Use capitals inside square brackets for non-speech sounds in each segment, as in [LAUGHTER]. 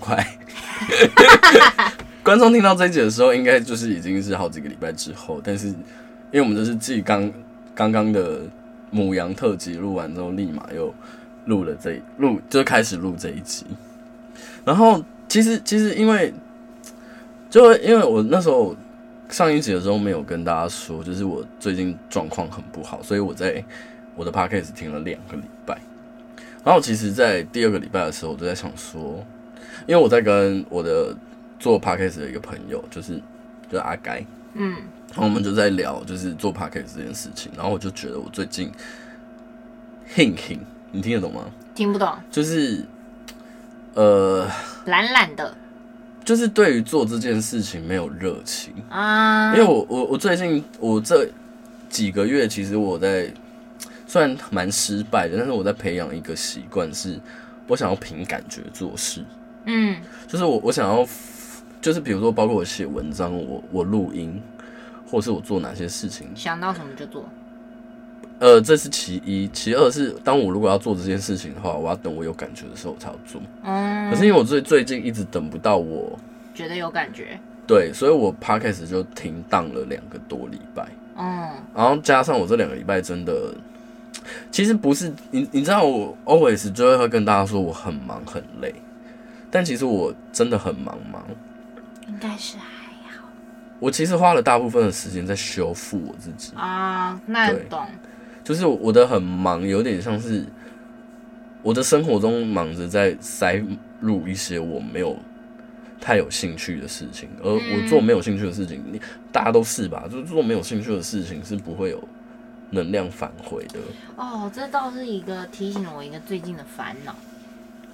快！ [LAUGHS] 觀眾聽到這一集的時候，應該就是已經是好幾個禮拜之後。但是，因為我們這是繼剛剛剛的母羊特輯錄完之後，立馬又錄了這錄，就開始錄這一集。然後，其實其實因為就因為我那時候上一集的時候沒有跟大家說，就是我最近狀況很不好，所以我在我的 Podcast 停了兩個禮拜。然後，其實，在第二個禮拜的時候，我就在想說。因為我在跟我的做 podcast 的一個朋友，就是，就是就阿該，嗯，然後我們就在聊，就是做 podcast 這件事情。然後我就覺得我最近，哼哼，你聽得懂嗎？聽不懂。就是，呃，懶懶的，就是對於做這件事情沒有熱情啊，嗯。因為我我我最近我這幾個月，其實我在雖然蠻失敗的，但是我在培養一個習慣，是我想要憑感覺做事。嗯，就是我我想要，就是比如說，包括我寫文章，我我錄音，或是我做哪些事情，想到什麼就做。呃，這是其一，其二是當我如果要做這件事情的話，我要等我有感覺的時候才要做。嗯，可是因為我最最近一直等不到我覺得有感覺，對，所以我 podcast 就停檔了兩個多禮拜。嗯，然後加上我這兩個禮拜真的，其實不是，你你知道我 always 就會跟大家說我很忙很累。但其實我真的很忙嗎？應該是還好。我其實花了大部分的時間在修復我自己啊，那懂。就是我的很忙，有點像是我的生活中忙着在塞入一些我沒有太有興趣的事情，而我做沒有興趣的事情，你、嗯、大家都是吧？就做沒有興趣的事情是不會有能量返回的。哦，這倒是一個提醒了我一個最近的煩惱。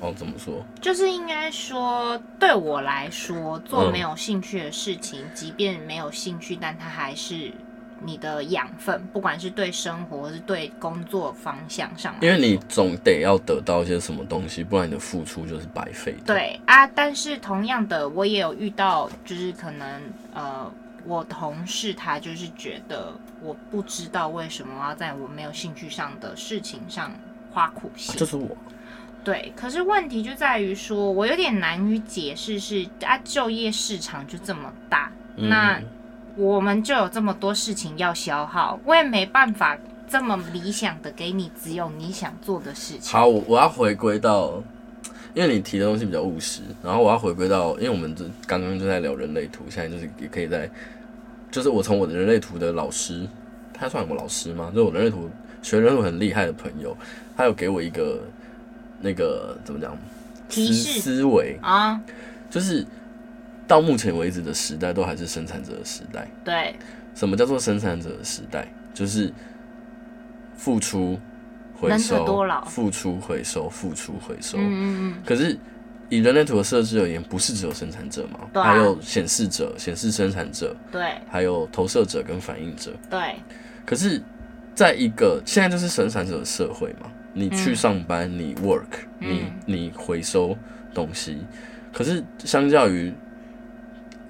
哦，怎麼說？就是應該說，對我來說，做沒有興趣的事情，嗯、即便沒有興趣，但它還是你的養分，不管是對生活，或是對工作方向上。因為你總得要得到一些什麼東西，不然你的付出就是白費。對啊，但是同樣的，我也有遇到，就是可能呃，我同事他就是覺得我不知道為什麼要在我沒有興趣上的事情上花苦心，啊、就是我。對，可是問題就在於說，我有點難於解釋是啊，就業市場就這麼大，嗯，那我們就有這麼多事情要消耗，我也沒辦法這麼理想的給你只有你想做的事情。好，我我要回歸到，因為你提的東西比較務實，然後我要回歸到，因為我們這剛剛就在聊人類圖，現在就是也可以在，就是我從我的人類圖的老師，他算我老師嘛，就是我人類圖學人類很厲害的朋友，他有給我一個。那個怎麼講？思思維啊，就是到目前為止的時代都還是生產者的時代。對。什麼叫做生產者的時代？就是付出回收，付出回收，付出回收。嗯嗯。可是以人類圖的設置而言，不是只有生產者嘛？對。還有顯示者、顯示生產者。對。還有投射者跟反映者。對。可是，在一個現在就是生產者的社會嘛。你去上班，嗯、你 work，你你回收東西，嗯、可是相較於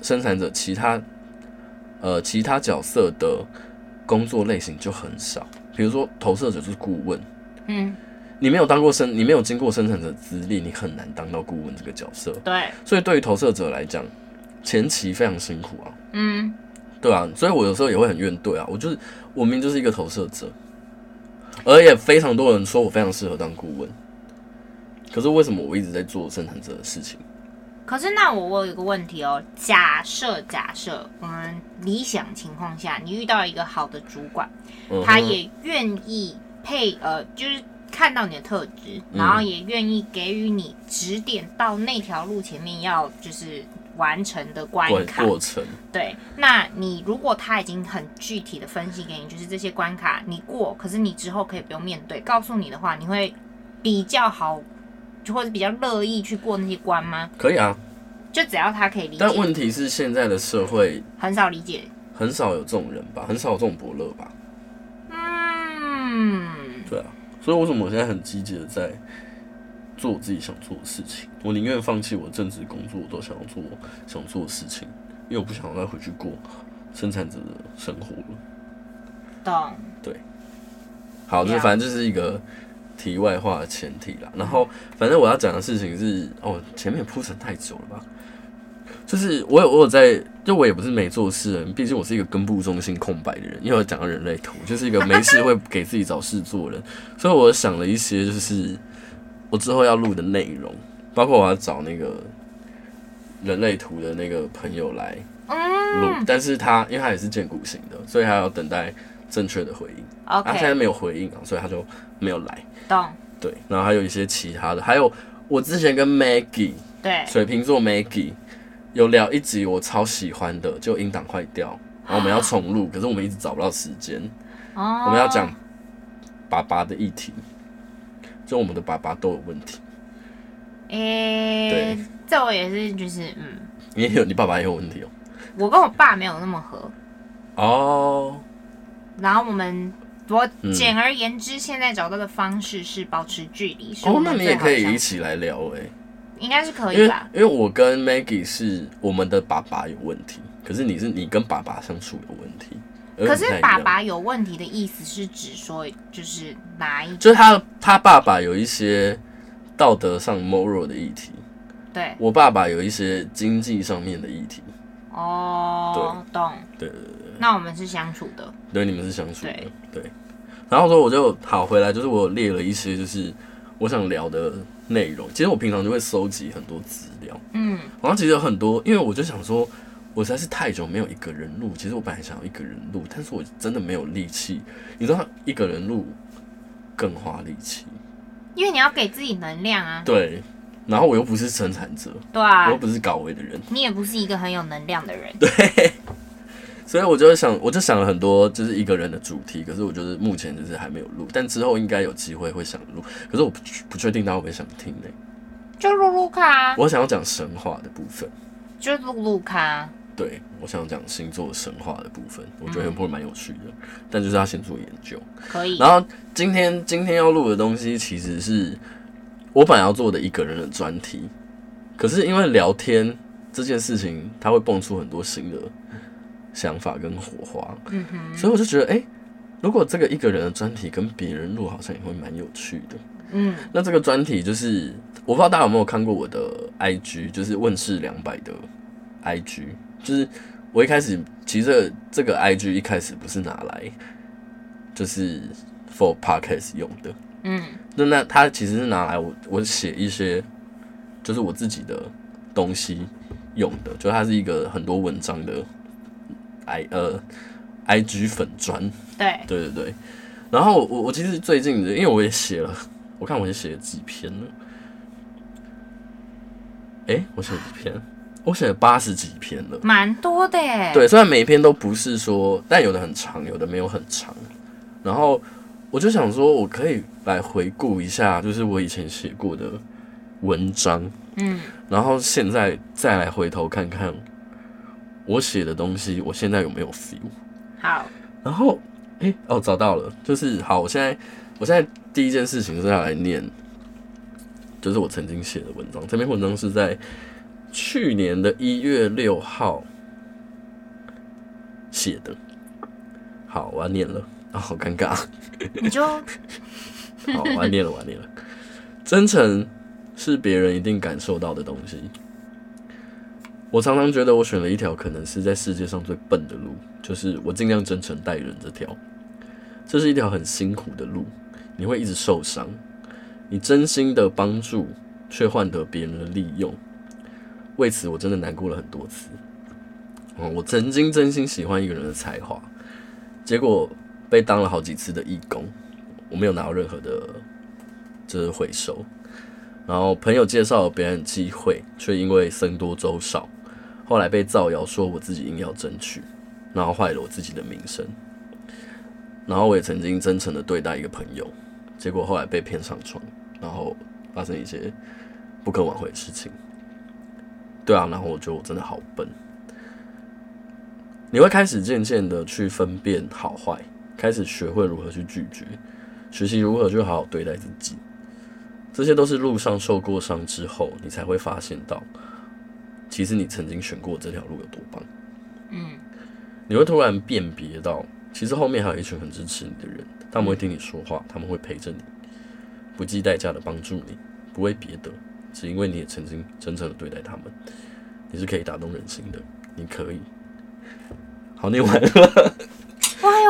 生產者，其他呃其他角色的工作類型就很少。比如說投射者就是顧問，嗯，你沒有當過生，你沒有經過生產者資歷，你很難當到顧問這個角色。對，所以對於投射者來講，前期非常辛苦啊。嗯，對啊，所以我有時候也會很怨懟啊，我就是我明明就是一個投射者。而且非常多人說我非常適合當顧問，可是為什麼我一直在做生產者的事情？可是那我問一個問題哦，假設假設我們理想情況下，你遇到一個好的主管，他也願意配呃，就是看到你的特質，然後也願意給予你指點，到那條路前面要就是。完成的關卡過程，對，那你如果他已經很具體的分析給你，就是這些關卡你過，可是你之後可以不用面對，告訴你的話，你會比較好，或者比較樂意去過那些關嗎？可以啊，就只要他可以理解。但問題是現在的社會很少理解，很少有這種人吧，很少有這種伯樂吧。嗯，對啊，所以為什麼我現在很積極的在。做我自己想做的事情，我寧願放棄我正式工作，我都想要做想做的事情，因為我不想再回去過生產者的生活了。懂。對，好，就是反正就是一個題外話的前提啦。然後，反正我要講的事情是，哦，前面鋪陳太久了吧？就是我有我有在，就我也不是沒做事人，畢竟我是一個根部中心空白的人，因為我講到人類圖，就是一個沒事會給自己找事做的人， [LAUGHS] 所以我想了一些，就是。我之後要錄的內容，包括我要找那個人類圖的那個朋友來錄，但是他因為他也是薦骨型的，所以他要等待正確的回應，啊。他現在沒有回應啊，所以他就沒有來。懂。對，然後還有一些其他的，還有我之前跟 Maggie，水瓶座 Maggie 有聊一集我超喜歡的，就音檔壞掉，然後我們要重錄，可是我們一直找不到時間。我們要講爸爸的議題。所以我們的爸爸都有問題，誒、欸，這我也是，就是嗯，你也有，你爸爸也有問題哦。我跟我爸沒有那麼合哦，oh. 然後我們我簡而言之、嗯，現在找到的方式是保持距離。我、oh, 們也可以一起來聊誒、欸，應該是可以吧，因，因為我跟 Maggie 是我們的爸爸有問題，可是你是你跟爸爸相處有問題。可是爸爸有問題的意思是指說，就是哪一？就是他他爸爸有一些道德上 moral 的議題，對，我爸爸有一些經濟上面的議題。哦，懂，對對對對。那我們是相處的，對，你們是相處的，對。對然後說我就好回來，就是我列了一些，就是我想聊的內容。其實我平常就會蒐集很多資料，嗯，然後其實有很多，因為我就想說。我實在是太久沒有一個人錄，其實我本來想要一個人錄，但是我真的沒有力氣。你知道一個人錄更花力氣，因為你要給自己能量啊。對，然後我又不是生產者，對啊，我又不是高維的人，你也不是一個很有能量的人，對。所以我就想，我就想了很多，就是一個人的主題，可是我就是目前就是還沒有錄，但之後應該有機會會想錄，可是我不，不確定他會不會想聽欸。就錄錄卡，我想要講神話的部分，就錄錄卡。對，我想講星座神話的部分，嗯、我覺得會不會蠻有趣的？但就是要先做研究，可以。然後今天今天要錄的東西，其實是我本來要做的一個人的專題，可是因為聊天這件事情，他會蹦出很多新的想法跟火花，嗯哼。所以我就覺得，誒、欸，如果這個一個人的專題跟別人錄，好像也會蠻有趣的。嗯，那這個專題就是我不知道大家有沒有看過我的 IG，就是問事兩百的 IG。就是我一開始其實這個 I G 一開始不是拿來就是 for podcast 用的，嗯，那那它其實是拿來我我寫一些就是我自己的東西用的，就它是一個很多文章的 I 呃 I G 粉專。對，對對對，然後我我其實最近因為我也寫了，我看我也寫了幾篇了，哎、欸，我寫了幾篇。 [LAUGHS] 我寫了八十幾篇了，蠻多的耶。對，雖然每一篇都不是說，但有的很長，有的沒有很長。然後我就想說，我可以來回顧一下，就是我以前寫過的文章，嗯，然後現在再來回頭看看我寫的東西，我現在有沒有 feel？好，然後誒、欸，哦，找到了，就是好，我現在我現在第一件事情是要來念，就是我曾經寫的文章，這篇文章是在。去年的一月六號寫的，好，我要念了啊，好尷尬。你就好我要念了，完、哦、 [LAUGHS] 你就 [LAUGHS] 念，念了。真誠是別人一定感受到的東西。我常常覺得我選了一條可能是在世界上最笨的路，就是我盡量真誠待人這條。這是一條很辛苦的路，你會一直受傷，你真心的幫助卻換得別人的利用。為此，我真的難過了很多次。嗯，我曾經真心喜歡一個人的才華，結果被當了好幾次的義工，我沒有拿到任何的，就是回收。然後朋友介紹別人的機會，卻因為僧多粥少，後來被造謠說我自己硬要爭取，然後壞了我自己的名聲。然後我也曾經真誠的對待一個朋友，結果後來被騙上床，然後發生一些不可挽回的事情。對啊，然後我覺得我真的好笨。你會開始漸漸的去分辨好壞，開始學會如何去拒絕，學習如何去好好對待自己。這些都是路上受過傷之後，你才會發現到，其實你曾經選過這條路有多棒。嗯，你會突然辨別到，其實後面還有一群很支持你的人，他們會聽你說話，他們會陪着你，不計代價的幫助你，不為別的。是因為你也曾經真誠的對待他們，你是可以打動人心的，你可以。好，你完了。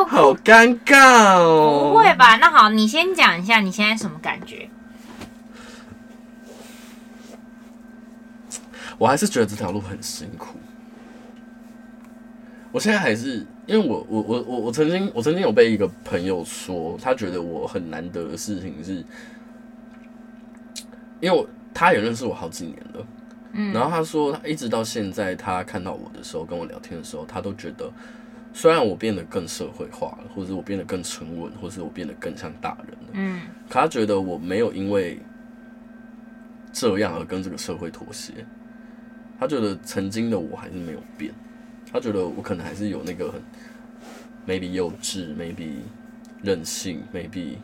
好尷尬哦！不會吧？那好，你先講一下你現在什麼感覺？我還是覺得這條路很辛苦。我現在還是因為我我我我我曾經我曾經有被一個朋友說，他覺得我很難得的事情是，因為我。他也認識我好幾年了，嗯，然後他說，他一直到現在，他看到我的時候，跟我聊天的時候，他都覺得，雖然我變得更社會化了，或者我變得更沉穩，或者我變得更像大人了，嗯，可他覺得我沒有因為這樣而跟這個社會妥協，他覺得曾經的我還是沒有變，他覺得我可能還是有那個很 maybe 幼稚，maybe 任性，maybe。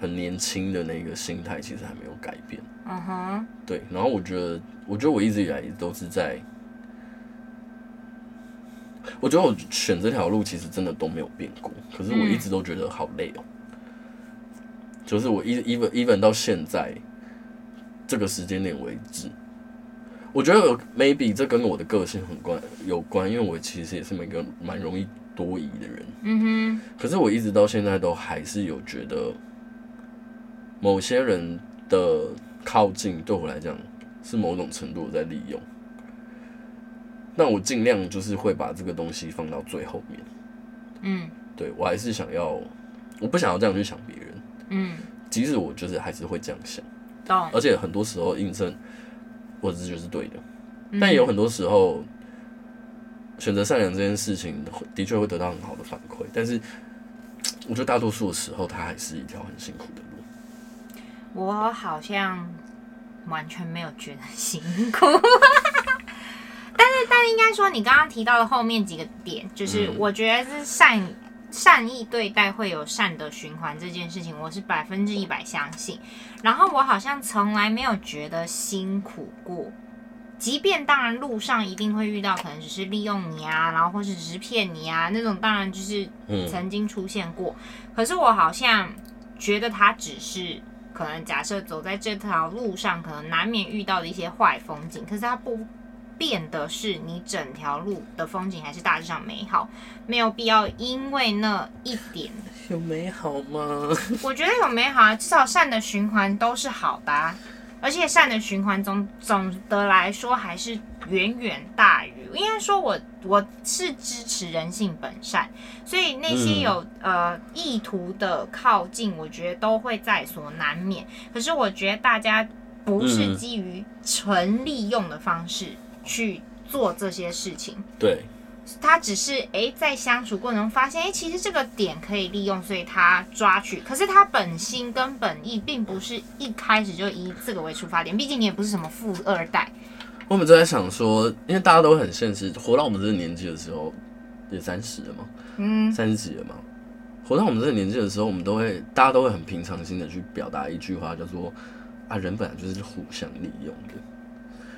很年輕的那個心態其實還沒有改變。嗯哼。對，然後我覺得，我覺得我一直以來都是在，我覺得我選這條路其實真的都沒有變過。可是我一直都覺得好累哦，喔。嗯。就是我一 even even 到現在這個時間點為止，我覺得 maybe 這跟我的個性很關有關，因為我其實也是一個蠻容易多疑的人。Uh-huh. 可是我一直到現在都還是有覺得。某些人的靠近對我來講是某種程度在利用，但我盡量就是會把這個東西放到最後面。嗯，對，我還是想要，我不想要這樣去想別人。嗯，即使我就是還是會這樣想，而且很多時候印證我自己是對的。但有很多時候選擇善良這件事情的確會得到很好的反饋，但是我覺得大多數的時候它還是一條很辛苦的。我好像完全沒有覺得辛苦 [LAUGHS] 但，但是但應該說，你剛剛提到的後面幾個點，就是我覺得是善善意對待會有善的循環這件事情，我是百分之一百相信。然後我好像從來沒有覺得辛苦過，即便當然路上一定會遇到，可能只是利用你啊，然後或是只是騙你啊那種，當然就是曾經出現過。嗯、可是我好像覺得他只是。可能假設走在這條路上，可能難免遇到的一些壞風景，可是它不變的是你整條路的風景還是大致上美好，沒有必要因為那一點有美好嗎？我覺得有美好啊，至少善的循環都是好的啊，而且善的循環總總的來說還是遠遠大於。應該說我，我我是支持人性本善，所以那些有、嗯、呃意圖的靠近，我覺得都會在所難免。可是我覺得大家不是基於純利用的方式去做這些事情。嗯、對，他只是哎在相處過程中發現，哎其實這個點可以利用，所以他抓取。可是他本心跟本意並不是一開始就以這個為出發點，畢竟你也不是什麼富二代。我們就在想說，因為大家都會很現實，活到我們這個年紀的時候，也三十了嘛，嗯，三十幾了嘛，活到我們這個年紀的時候，我們都會，大家都會很平常心的去表達一句話，叫做啊，人本來就是互相利用的。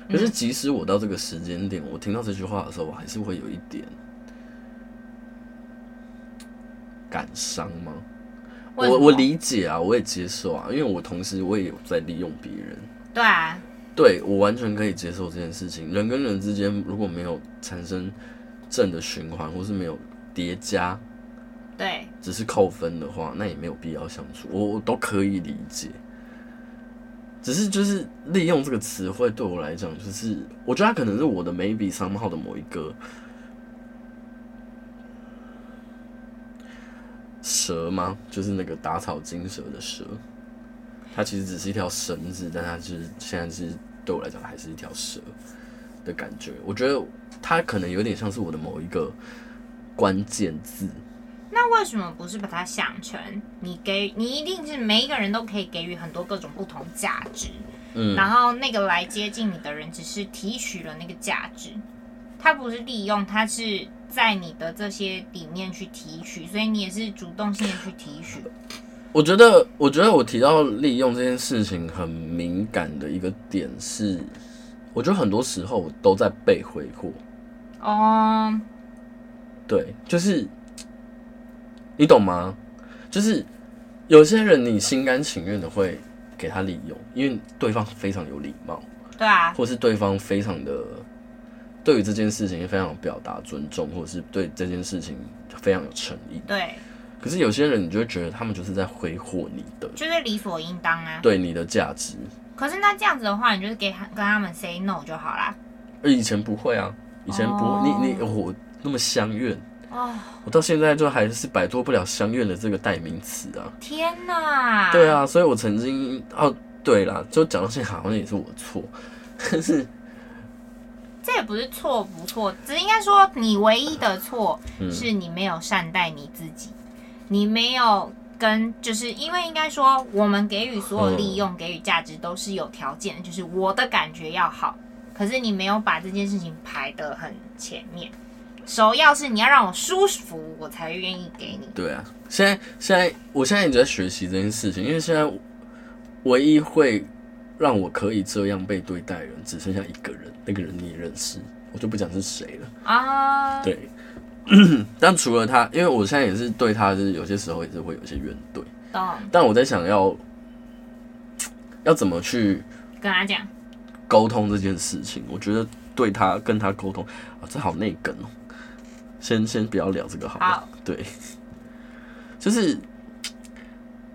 可是，即使我到這個時間點，我聽到這句話的時候，我還是會有一點感傷嗎？我我，我理解啊，我也接受啊，因為我同時我也有在利用別人。對啊。對，我完全可以接受這件事情。人跟人之間如果沒有產生正的循環，或是沒有疊加，對，只是扣分的話，那也沒有必要相處。我我都可以理解。只是就是利用這個詞彙，對我來講，就是我覺得他可能是我的 maybe 三號的某一個蛇嗎？就是那個打草驚蛇的蛇。它其實只是一條繩子，但它是現在是對我來講還是一條蛇的感覺。我覺得它可能有點像是我的某一個關鍵字。那為什麼不是把它想成你給，你一定是每一個人都可以給予很多各種不同價值，嗯，然後那個來接近你的人只是提取了那個價值，他不是利用，他是在你的這些裡面去提取，所以你也是主動性的去提取。 [LAUGHS] 我覺得，我覺得我提到利用這件事情很敏感的一個點是，我覺得很多時候我都在被揮霍哦，oh. 對，就是你懂嗎？就是有些人你心甘情願的會給他利用，因為對方非常有禮貌，對啊，或是對方非常的對於這件事情非常有表達尊重，或者是對這件事情非常有誠意，oh. 對。可是有些人，你就會覺得他們就是在揮霍你的，就是理所應當啊，對你的價值。可是那這樣子的話，你就是給他跟他們 say no 就好啦，欸。以前不會啊，以前不、oh. 你，你你我那麼鄉愿。哦、oh.。我到現在就還是擺脫不了鄉願的這個代名詞啊。天吶。對啊，所以我曾經，哦、啊，對啦，就講到這好像也是我的錯，可是這也不是錯不錯，只是應該說你唯一的錯是你沒有善待你自己。嗯你沒有跟，就是因為應該說，我們給予所有利用、嗯、給予價值都是有條件，就是我的感覺要好。可是你沒有把這件事情排得很前面，首要是你要讓我舒服，我才願意給你。對啊，現在現在我現在一直在學習這件事情，因為現在唯一會讓我可以這樣被對待的人只剩下一個人，那個人你也認識，我就不講是誰了啊。Uh, 對。 [COUGHS] 但除了他，因為我現在也是對他，就是有些時候也是會有一些怨懟。但我在想要要怎麼去跟他講溝通這件事情？我覺得對他跟他溝通啊，這好內梗哦。先先不要聊這個，好。Oh. 對，就是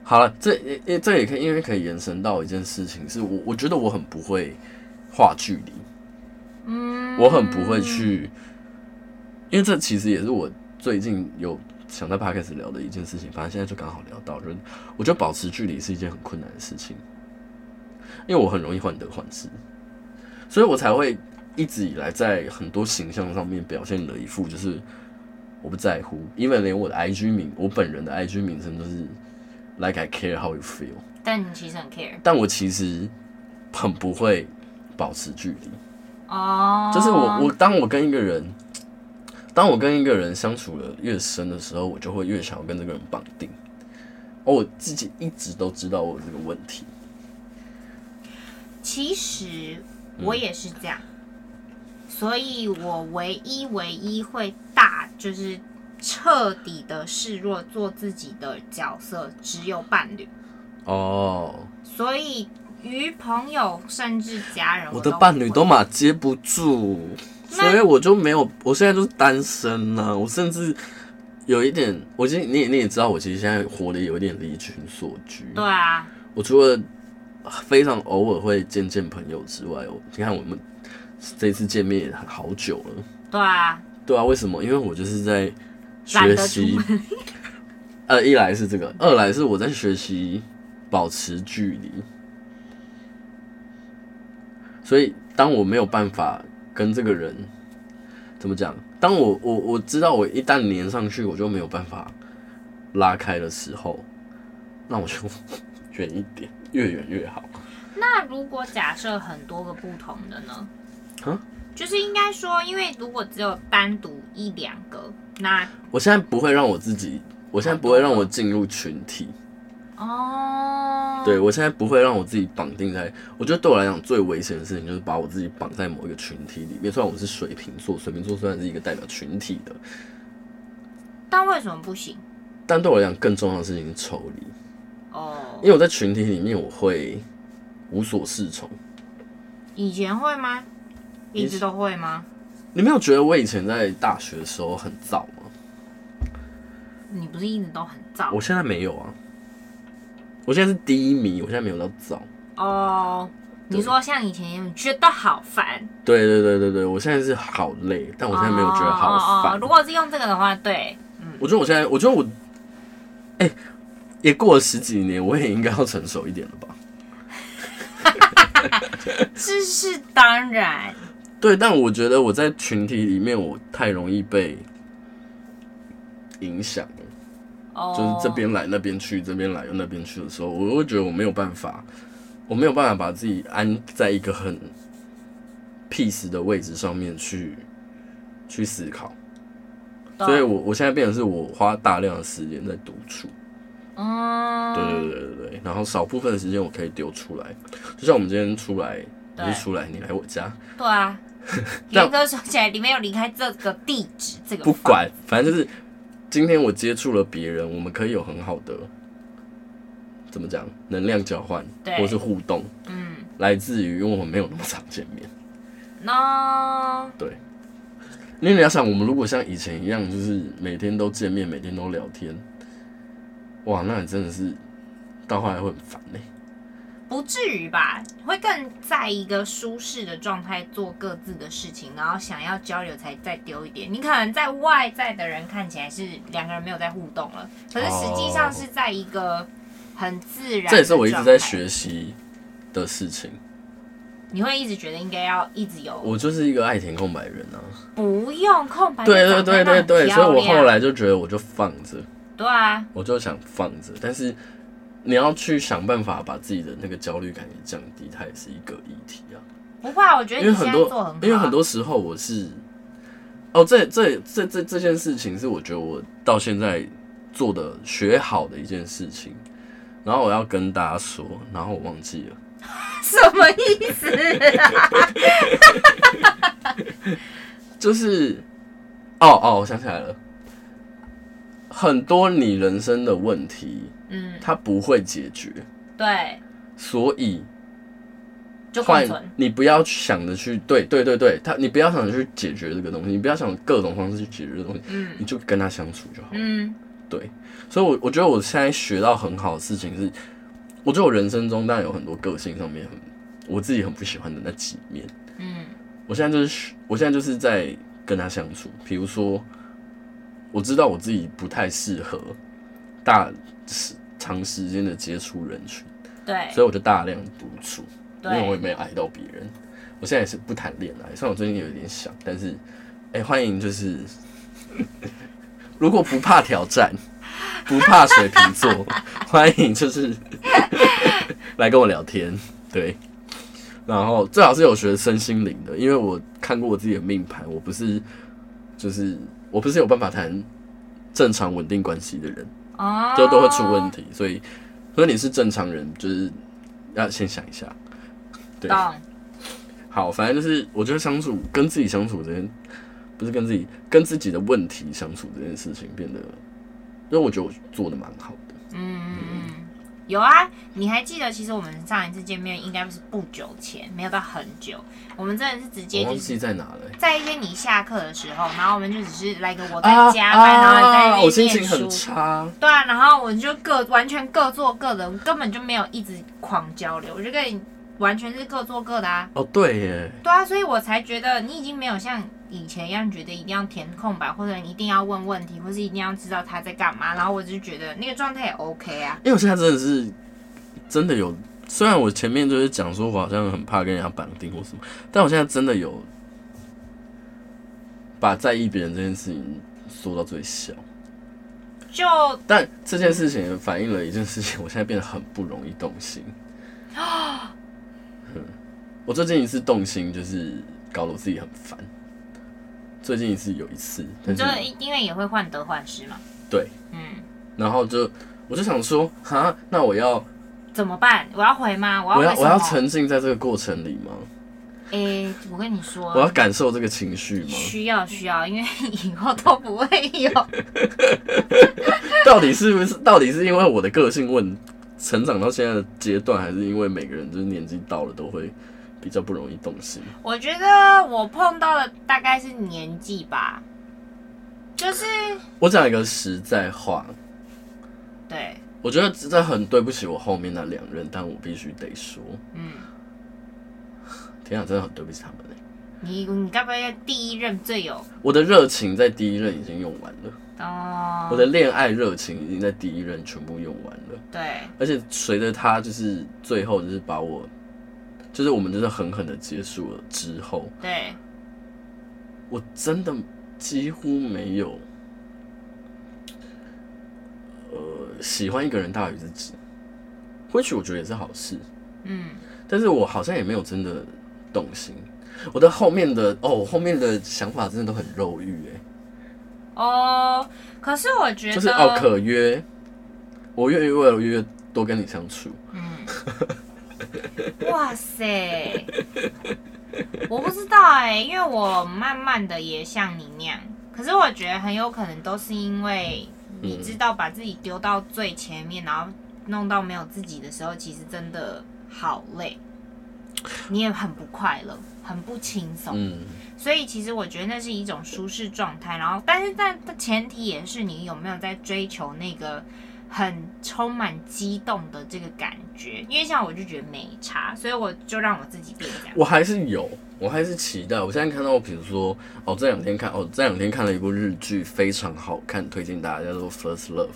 好了，這也這也可以，因為可以延伸到一件事情，是我我覺得我很不會畫距離，嗯，我很不會去。因為這其實也是我最近有想在 podcast 聊的一件事情，反正現在就剛好聊到，就是我覺得保持距離是一件很困難的事情，因為我很容易患得患失，所以我才會一直以來在很多形象上面表現的一副就是我不在乎，因為連我的 IG 名，我本人的 IG 名稱都是 like I care how you feel，但你其實很 care，但我其實很不會保持距離，哦，就是我我當我跟一個人。當我跟一個人相處的越深的時候，我就會越想要跟這個人綁定。而、oh, 我自己一直都知道我這個問題。其實我也是這樣，嗯、所以我唯一唯一會大就是徹底的示弱，做自己的角色，只有伴侶。哦、oh,。所以與朋友甚至家人我，我的伴侶都嘛接不住。所以我就沒有，我現在就是單身吶，我甚至有一點，我其實你也你也知道，我其實現在活得有一點離群索居。對啊。我除了非常偶爾會見見朋友之外，你看我們這次見面也好久了。對啊。對啊，為什麼？因為我就是在學習。懶得出門。呃，一來是這個，二來是我在學習保持距離。所以，當我沒有辦法。跟這個人怎麼講？當我我我知道我一旦黏上去，我就沒有辦法拉開的時候，那我就遠一點，越遠越好。那如果假設很多個不同的呢？啊，就是應該說，因為如果只有單獨一兩個，那我現在不會讓我自己，我現在不會讓我進入群體。哦、oh.，對我現在不會讓我自己綁定在，我覺得對我來講最危險的事情就是把我自己綁在某一個群體裡面。雖然我是水瓶座，水瓶座雖然是一個代表群體的，但為什麼不行？但對我來講更重要的事情是抽離。哦、oh.，因為我在群體裡面，我會無所適從。以前會嗎？一直都會嗎？你沒有覺得我以前在大學的時候很躁嗎？你不是一直都很躁，我現在沒有啊。我現在是第一名，我現在沒有到早。哦。你說像以前一樣覺得好煩？對對對對對，我現在是好累，但我現在沒有覺得好煩。如果是用這個的話，對，嗯。我覺得我現在，我覺得我，哎，也過了十幾年，我也應該要成熟一點了吧？這是當然 [LAUGHS] 。對，但我覺得我在群體裡面，我太容易被影響了。Oh. 就是這邊來那邊去，這邊來那邊去的時候，我會覺得我沒有辦法，我沒有辦法把自己安在一個很 peace 的位置上面去去思考，oh. 所以我我現在變成是我花大量的時間在獨處。哦，對對對對對，然後少部分的時間我可以丟出來，就像我們今天出來，你出來，你來我家。對啊，剛 [LAUGHS] 剛說起來，你沒有離開這個地址，這個不管，反正就是。今天我接觸了別人，我們可以有很好的，怎麼講？能量交換，或是互動。嗯，來自於因為我們沒有那麼常見面。那、no. 對，因為你要想，我們如果像以前一樣，就是每天都見面，每天都聊天，哇，那你真的是到後來會很煩嘞、欸。不至於吧，會更在一個舒適的狀態做各自的事情，然後想要交流才再丟一點。你可能在外在的人看起來是兩個人沒有在互動了，可是實際上是在一個很自然的。這也是我一直在學習的事情。你會一直覺得應該要一直有，我就是一個愛填空白人啊。不用空白，對對對對對，所以我後來就覺得我就放着，對啊，我就想放着，但是。你要去想辦法把自己的那個焦慮感給降低，它也是一個議題啊。不怕，我覺得你這樣做很好。因為很多，因為很多時候，我是哦，這這這這這，這件事情是我覺得我到現在做的學好的一件事情。然後我要跟大家說，然後我忘記了什麼意思哈、啊， [LAUGHS] 就是哦哦，我、哦、想起來了。很多你人生的問題，嗯，他不會解決，對，所以就換你不要想着去對對對對，他你不要想着去解決這個東西，你不要想各種方式去解決這個東西，嗯，你就跟他相處就好，嗯，對，所以我，我我覺得我現在學到很好的事情是，我覺得我人生中當然有很多個性上面很，我自己很不喜歡的那幾面，嗯，我現在就是我現在就是在跟他相處，比如說。我知道我自己不太適合大時、就是、長時間的接觸人群，對，所以我就大量獨處，因為我也沒有礙到別人。我現在也是不談戀愛，雖然我最近有點想，但是，誒、欸，歡迎就是， [LAUGHS] 如果不怕挑戰，不怕水瓶座， [LAUGHS] 歡迎就是來跟我聊天，對。然後最好是有學身心靈的，因為我看過我自己的命盤，我不是就是。我不是有辦法談正常穩定關係的人啊，oh. 就都會出問題。所以，所以你是正常人，就是要先想一下。對，oh. 好，反正就是我覺得相處跟自己相處這件，不是跟自己跟自己的問題相處的這件事情變得，因為我覺得我做得蠻好。有啊，你還記得？其實我們上一次見面應該是不久前，沒有到很久。我們真的是直接就是，在一天你下課的時候，然後我們就只是來個我在加班，啊、然後在那邊念書。對啊，然後我就各完全各做各的，我根本就沒有一直狂交流。我覺得完全是各做各的啊。哦，對耶。對啊，所以我才覺得你已經沒有像以前一樣覺得一定要填空白，或者你一定要問問題，或是一定要知道他在幹嘛。然後我就覺得那個狀態也 OK 啊。因為我現在真的是真的有，雖然我前面就是講說我好像很怕跟人家綁定或什麼，但我現在真的有把在意別人這件事情縮到最小。就但這件事情反映了一件事情，我現在變得很不容易動心啊。我最近一次動心就是搞得我自己很煩。最近一次有一次是，就因為也會患得患失嘛。對，嗯，然後就我就想說，哈，那我要怎麼辦？我要回嗎？我要我要沉浸在這個過程裡嗎？誒、欸，我跟你說，我要感受這個情緒嗎？需要需要，因為以後都不會有 [LAUGHS] 。到底是不是？到底是因為我的個性問，成長到現在的階段，還是因為每個人就是年紀到了都會？比較不容易動心。我覺得我碰到的大概是年紀吧，就是我講一個實在話，對，我覺得真的很對不起我後面那兩任，但我必須得說，嗯，天啊，真的很對不起他們呢、欸。你你該不會在第一任最有？我的熱情在第一任已經用完了哦、嗯，我的戀愛熱情已經在第一任全部用完了，對，而且隨着他就是最後就是把我。就是我們真的狠狠的結束了之後，對，我真的幾乎沒有，呃，喜歡一個人大於自己，或許我覺得也是好事，嗯，但是我好像也沒有真的動心，我的後面的哦，後面的想法真的都很肉慾哎、欸，哦，可是我覺得，就是哦，可約，我願意為了約多跟你相處，嗯 [LAUGHS] 哇塞，我不知道哎、欸，因為我慢慢的也像你那樣，可是我覺得很有可能都是因為你知道，把自己丟到最前面，嗯，然後弄到沒有自己的時候，其實真的好累，你也很不快樂，很不輕鬆，嗯。所以其實我覺得那是一種舒適狀態，然後但是但前提也是你有沒有在追求那個。很充滿激動的這個感覺，因為像我就覺得沒差，所以我就讓我自己變。我還是有，我還是期待。我現在看到，比如說，哦，這兩天看，哦，這兩天看了一部日劇，非常好看，推薦大家叫做 First Love，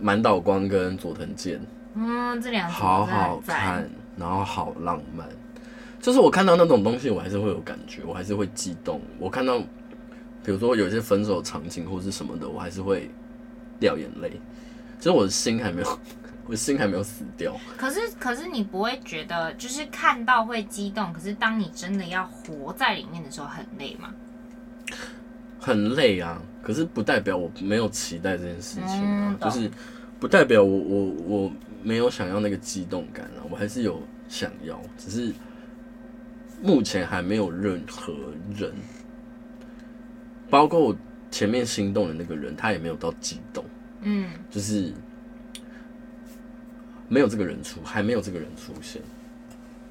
滿島光跟佐藤健，嗯，這兩好好看，然後好浪漫。嗯，就是我看到那種東西，我還是會有感覺，我還是會激動。我看到，比如說有些分手場景或是什麼的，我還是會。掉眼淚，其實我的心還沒有，我的心還沒有死掉。可是，可是你不會覺得，就是看到會激動，可是當你真的要活在裡面的時候，很累嗎？很累啊！可是不代表我沒有期待這件事情啊，嗯，就是不代表我我我沒有想要那個激動感啊。我還是有想要，只是目前還沒有任何人，包括我前面心動的那個人，他也沒有到激動。嗯，就是沒有這個人出，還沒有這個人出現。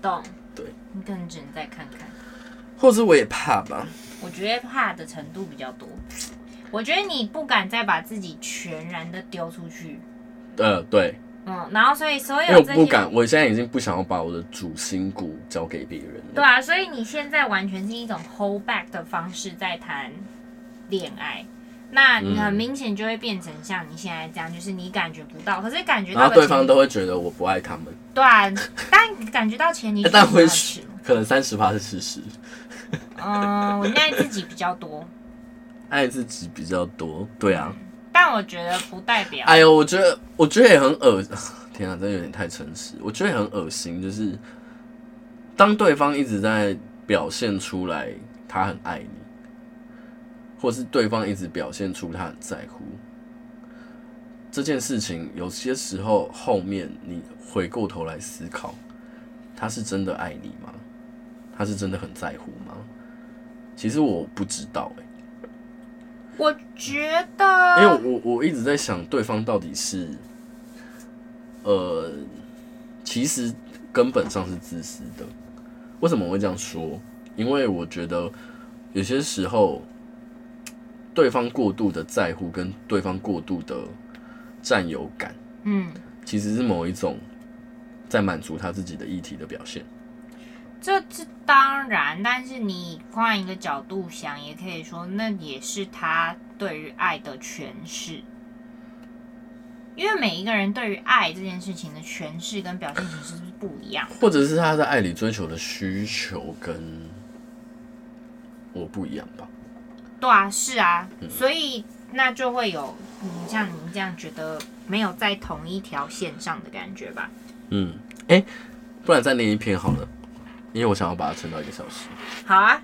懂。對。你可能只能再看看。或者是我也怕吧。我覺得怕的程度比較多。我覺得你不敢再把自己全然的丟出去。呃，對。嗯，然後所以所有……因為不敢，我現在已經不想要把我的主心骨交給別人了。對啊，所以你現在完全是一種 hold back 的方式在談戀愛。那你很明顯就會變成像你現在這樣、嗯，就是你感覺不到，可是感覺到，對方都會覺得我不愛他們。對、啊，但感覺到前、欸，但回去可能三十趴是事實。嗯，我現在愛自己比較多， [LAUGHS] 愛自己比較多，對啊。但我覺得不代表。哎呦，我覺得，我覺得也很噁心。天啊，真的有點太誠實，我覺得也很噁心。就是當對方一直在表現出來他很愛你。或是對方一直表現出他很在乎這件事情，有些時候後面你回過頭來思考，他是真的愛你嗎？他是真的很在乎嗎？其實我不知道，欸，我覺得，因為我我一直在想，對方到底是，呃，其實根本上是自私的。為什麼我會這樣說？因為我覺得有些時候。對方過度的在乎跟對方過度的佔有感，嗯，其實是某一種在滿足他自己的議題的表現。這是當然，但是你換一個角度想，也可以說那也是他對於愛的詮釋。因為每一個人對於愛這件事情的詮釋跟表現形式是不一樣的，或者是他在愛裡追求的需求跟我不一樣吧。對啊，是啊，嗯，所以那就會有，像你們這樣覺得沒有在同一條線上的感覺吧？嗯，誒，不然再念一篇好了，因為我想要把它撐到一個小時。好啊。